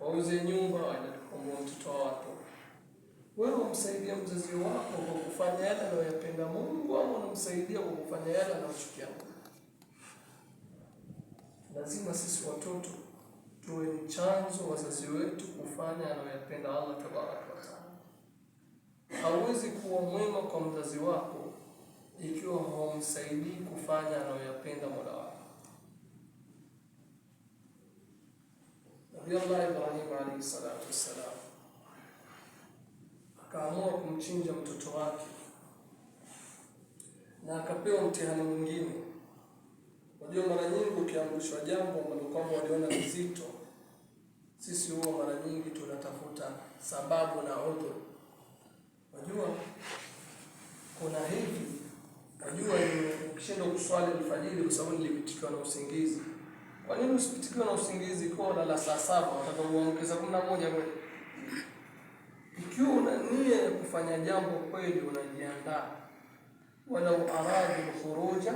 wauze nyumba, wanakomboa mtoto wako. Wewe umsaidia mzazi wako kwa kufanya yale anayoyapenda Mungu, ama unamsaidia kwa kufanya yale anayochukia Mungu? Lazima sisi watoto tuwe ni chanzo wazazi wetu kufanya anayoyapenda Allah tabaraka taala. Hauwezi kuwa mwema kwa mzazi wako ikiwa haumsaidii kufanya anayoyapenda Mola wako. Nabiullahi Ibrahimu alayhi salatu wassalam akaamua kumchinja mtoto wake na akapewa mtihani mwingine. wajua mara nyingi ukiamrishwa jambo ambalo kwamba waliona vizito, sisi huwa mara nyingi tunatafuta sababu na udhuru. Unajua kuna hivi, unajua ukishindwa kuswali alfajiri kwa sababu nilipitikiwa na usingizi kwa nini usipitikiwe na usingizi kwa lala saa saba unataka uamke kumi na moja kweli? Ikiwa una nia ya kufanya jambo kweli, unajiandaa. Walau aradu lkhuruja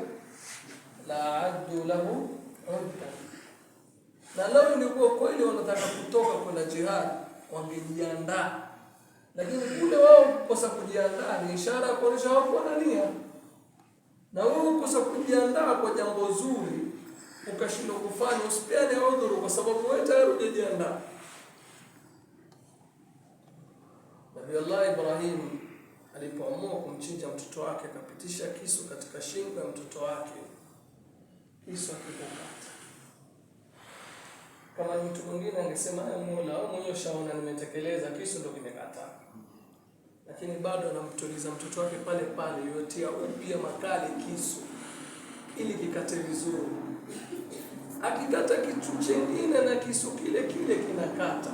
la addu lahu udda, na lau ilikuwa kweli wanataka kutoka kwenda jihad wangejiandaa, lakini kule wao kukosa kujiandaa ni ishara ya kuonyesha hawakuwa na nia, na wewe kukosa kujiandaa kwa jambo zuri ukashindwa kufanya, usipiane udhuru, kwa sababu wewe tayari hujajiandaa. Nabii Allah Ibrahim alipoamua kumchinja mtoto wake, akapitisha kisu katika shingo ya mtoto wake, kisu akikukata. Kama mtu mwingine angesema ya ee Mola au mwenyewe ushaona, nimetekeleza, kisu ndo kimekata, lakini bado anamtuliza mtoto wake pale pale, yotia upya makali kisu ili kikate vizuri. Akikata kitu chengine na kisu kile kile kinakata,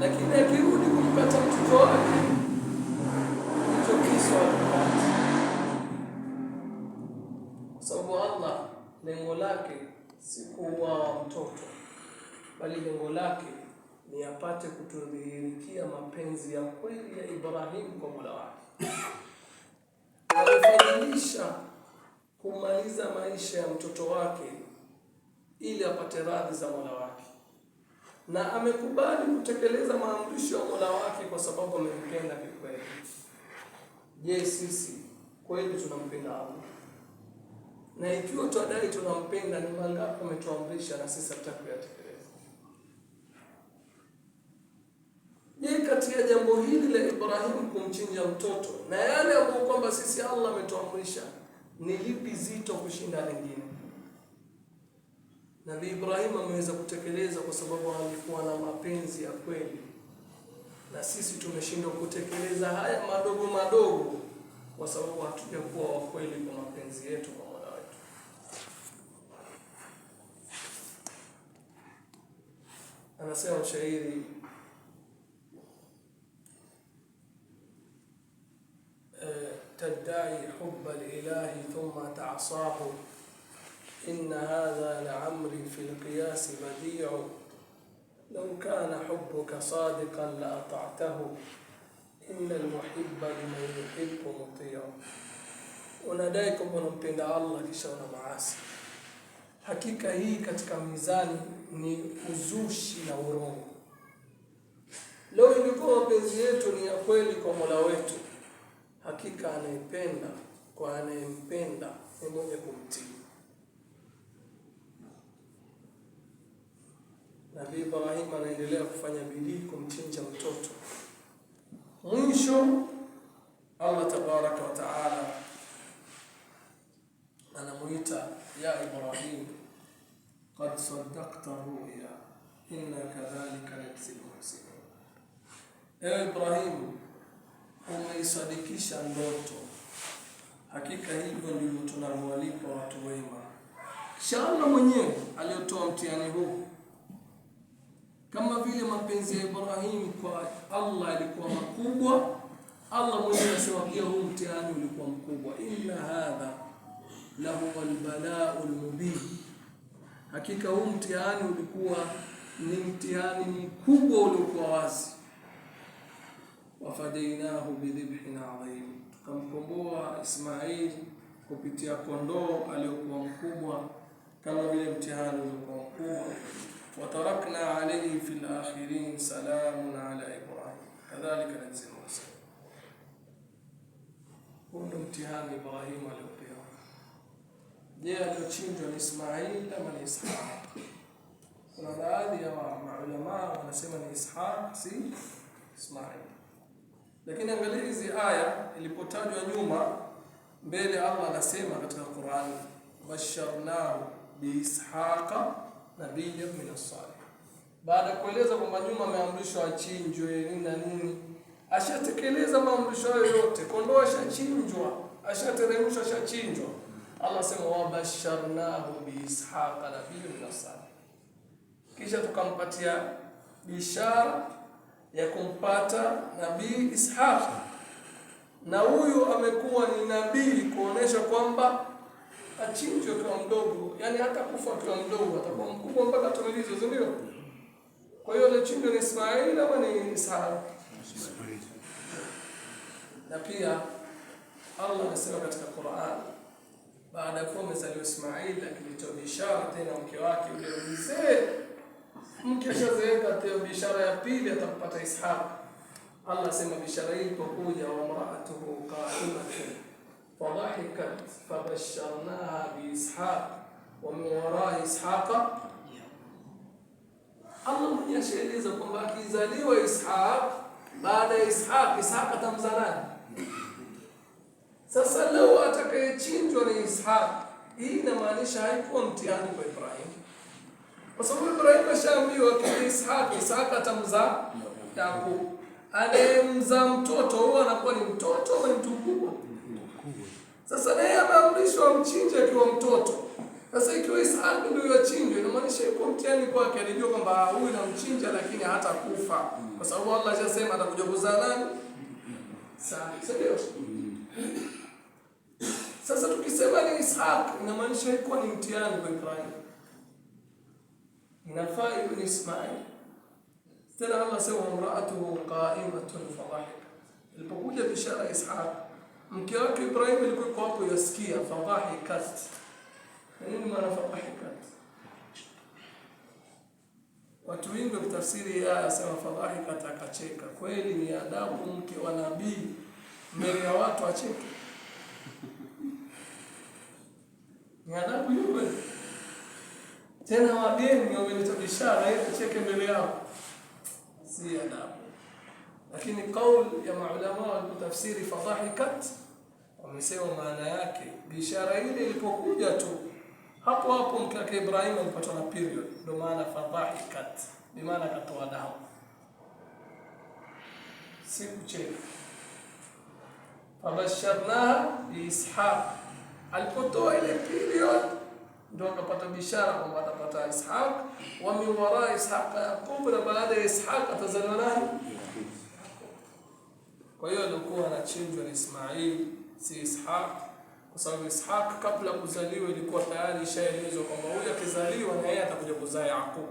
lakini akirudi kumkata mtoto wake hicho kisu kwa sababu Allah lengo lake si kuuawa mtoto, bali lengo lake ni apate kutudhihirikia mapenzi ya kweli ya Ibrahim kwa Mola wake. Alifanyanisha kumaliza maisha ya mtoto wake ili apate radhi za Mola wake, na amekubali kutekeleza maamrisho ya Mola wake kwa sababu amempenda kikweli. Je, sisi kweli tunampenda Allah? Na ikiwa twadai tunampenda, ni mangapi ametuamrisha na sisi hatukuyatekeleza? Je, kati ya jambo hili la Ibrahim kumchinja mtoto na yale ambayo kwamba sisi Allah ametuamrisha ni lipi zito kushinda lingine? Nabii Ibrahim ameweza kutekeleza kwa sababu alikuwa na mapenzi ya kweli, na sisi tumeshindwa kutekeleza haya madogo madogo kwa sababu hatujakuwa wa kweli kwa mapenzi yetu kwa Mola wetu. Anasema mshairi حب الإله ثم تعصاه إن هذا لعمري في القياس بديع لو كان حبك صادقا لأطعته إن المحب لمن يحب مطيع وناديكم ونبتنى الله كشون معاسي حقيقة هي كتك ميزان ni uzushi na urongo leo ilikuwa mapenzi yetu ni ya kweli kwa kwa anayempenda ni mwenye kumtii. Nabii Ibrahim anaendelea kufanya bidii kumchinja mtoto. Mwisho Allah tabaraka wa taala anamuita, ya Ibrahim qad saddaqta ruya inna kadhalika najzi lmuhsinin, ewe Ibrahim umeisadikisha ndoto Hakika hivyo ndivyo tunamwalika watu wema. kisha Allah mwenyewe aliyotoa mtihani huu, kama vile mapenzi ya Ibrahim kwa Allah yalikuwa makubwa, Allah mwenyewe asema pia huu mtihani ulikuwa mkubwa. Inna hadha lahu albalau lmubin, hakika huu mtihani ulikuwa ni mtihani mkubwa uliokuwa wazi. Wafadainahu bidhibhin adhim Ismail kupitia kondoo aliyokuwa mkubwa, kama vile mtihani uliokuwa mkubwa. Watarakna alayhi fil akhirin, salamun ala Ibrahim, kadhalika najzi Musa. Huu mtihani ibrahim aliopewa. Je, aliochinjwa ni Ismail ama ni Ishaq? Kuna baadhi ya maulama wanasema ni Ishaq, si Ismail. Lakini angalia hizi aya ilipotajwa nyuma mbele Allah anasema katika Qur'ani, basharnahu biishaqa nabiyyan min as-salih. Baada ya kueleza kwamba nyuma ameamrishwa achinjwe nini na nini, ashatekeleza maamrisho hayo yote, kondoo ashachinjwa, ashateremshwa, ashachinjwa. Allah asema wabasharnahu biishaqa nabiyyan min as-salih, kisha tukampatia bishara ya kumpata nabii Ishaq na huyu amekuwa ni nabii kuonesha kwamba achinjwe kwa mdogo, yani hata kufa kwa mdogo atakuwa mkubwa mpaka tumilizo, si ndio? Kwa hiyo alichinjwa ni Ismaili ama ni Isaka? Na pia Allah anasema katika Qur'an, baada ya kuwa amezaliwa Ismaili, toa bishara tena mke wake yule mzee, mke ashazeeka, toa bishara ya pili atampata Ishaq Allah asema bishara hii ilipokuja, wamraatuhu qa'imatun fadhahikat fabasharnaha biishaq wa min waraa ishaqa. Allah mwenyewe ashaeleza kwamba akizaliwa Ishaq, baada ya Ishaq, Ishaq atamzaa nani? Sasa leo atakayechinjwa ni Ishaq. Hii inamaanisha haikuwa mtihani kwa Ibrahim, kwa sababu Ibrahim ashaambiwa kile Ishaq, Ishaq atamzaa Yaqub anayemzaa mtoto huwa anakuwa ni mtoto au ni mtu mkubwa? Sasa naye ameamrishwa amchinje akiwa mtoto. Sasa ikiwa Isaac ndio yachinjwe, inamaanisha yuko mtihani kwake, alijua kwamba huyu namchinja lakini hata kufa kwa sababu Allah ashasema atakuja kuzaa nani? Sasa sasa tukisema ni Ishaq inamaanisha iko ni mtihani kwa Ibrahim, inafaa iwe ni Ismail ترى الله سوى امرأته قائمة فضحك البقولة في شارع إسحاق مكياك إبراهيم اللي كل قوته يسكيها فضحكت يعني ما فضحكت وتوين بتفسير يا سوى فضحكت أكتشيك كويلي يا دام أمك ونبي مريا واتو أتشيك يا دام يوبل تنها وابين يوم اللي تبشار هيك تشيك مريا واتو سي الأب lakini kauli ya maulama walipotafsiri fadhahikat wamesema maana yake bishara ile ilipokuja tu hapo hapo mke wake Ibrahim alipatwa na period, ndio maana fadhahikat, ni maana akatoa damu, si kucheka. Fabasharnaha biishaq, alipotoa ile period ndio akapata bishara kwamba atapata Ishaq, wa min wara Ishaq Yaqub, na baada ya Ishaq atazaliwa nani? Kwa hiyo alikuwa anachinjwa na Ismail, si Ishaq, kwa sababu Ishaq kabla kuzaliwa ilikuwa tayari ishaelezwa kwamba huyu akizaliwa na yeye atakuja kuzaa Yaqub,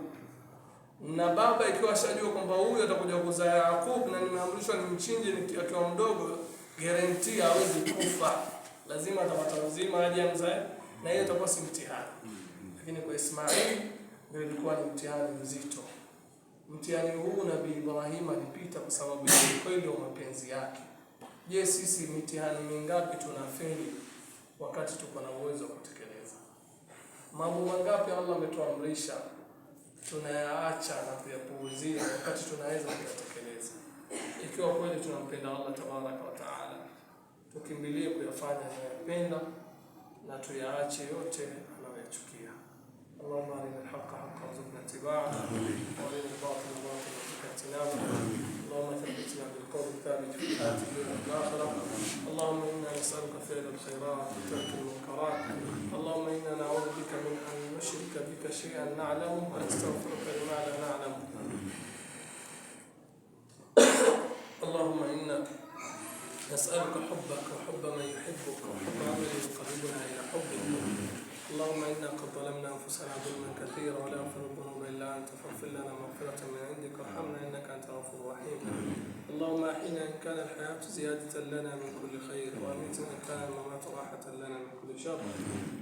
na baba ikiwa ashajua kwamba huyu atakuja kuzaa Yaqub na nimeamrishwa nimchinje akiwa mdogo, guarantee hawezi kufa, lazima atapata uzima aje amzae na hiyo itakuwa si mtihani. Mm-hmm. Lakini kwa Ismail ndio ilikuwa ni mtihani mzito. Mtihani huu Nabii Ibrahim alipita kwa sababu ya kweli wa mapenzi yake. Je, sisi mitihani mingapi tunafeli wakati tuko na uwezo wa kutekeleza? Mambo mangapi Allah ametuamrisha tunayaacha na kuyapuuzia wakati tunaweza kuyatekeleza? Ikiwa kweli tunampenda Allah tabaraka wa taala, tukimbilie kuyafanya anayopenda. لا tuyaache yote anayoyachukia اللهم أرنا الحق حقا وزدنا اتباعه وأرنا الباطل باطلا وزدنا اجتنابه اللهم ثبتنا بالقول الثابت في الدنيا والآخرة اللهم إنا نسألك فعل الخيرات وترك المنكرات اللهم إنا نعوذ بك من أن نشرك بك شيئا نعلمه ونستغفرك لما لا نعلمه نسألك حبك وحب من يحبك وحب من يقربنا إلى حبك اللهم إنا قد ظلمنا أنفسنا ظلما كثيرا ولا يغفر الذنوب إلا أنت فاغفر لنا مغفرة من عندك وارحمنا إنك أنت الغفور الرحيم اللهم أحينا إن كان الحياة زيادة لنا من كل خير وأميتنا إن كان الممات راحة لنا من كل شر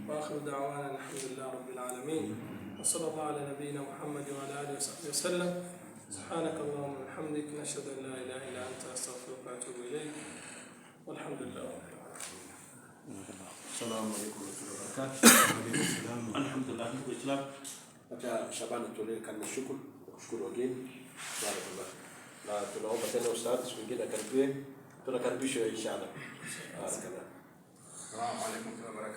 وآخر دعوانا الحمد لله رب العالمين وصلى الله على نبينا محمد وعلى آله وصحبه وسلم سبحانك اللهم وبحمدك نشهد أن لا إله إلا أنت أستغفرك وأتوب إليك الحمد لله رب العالمين السلام عليكم ورحمه الله وبركاته الحمد لله نحن الاسلام hata Shabani tuliekana shukuru kushukuru wageni barakallah na tunaomba tena ustadhi siku nyingine akaribie tunakaribishwa inshallah barakallah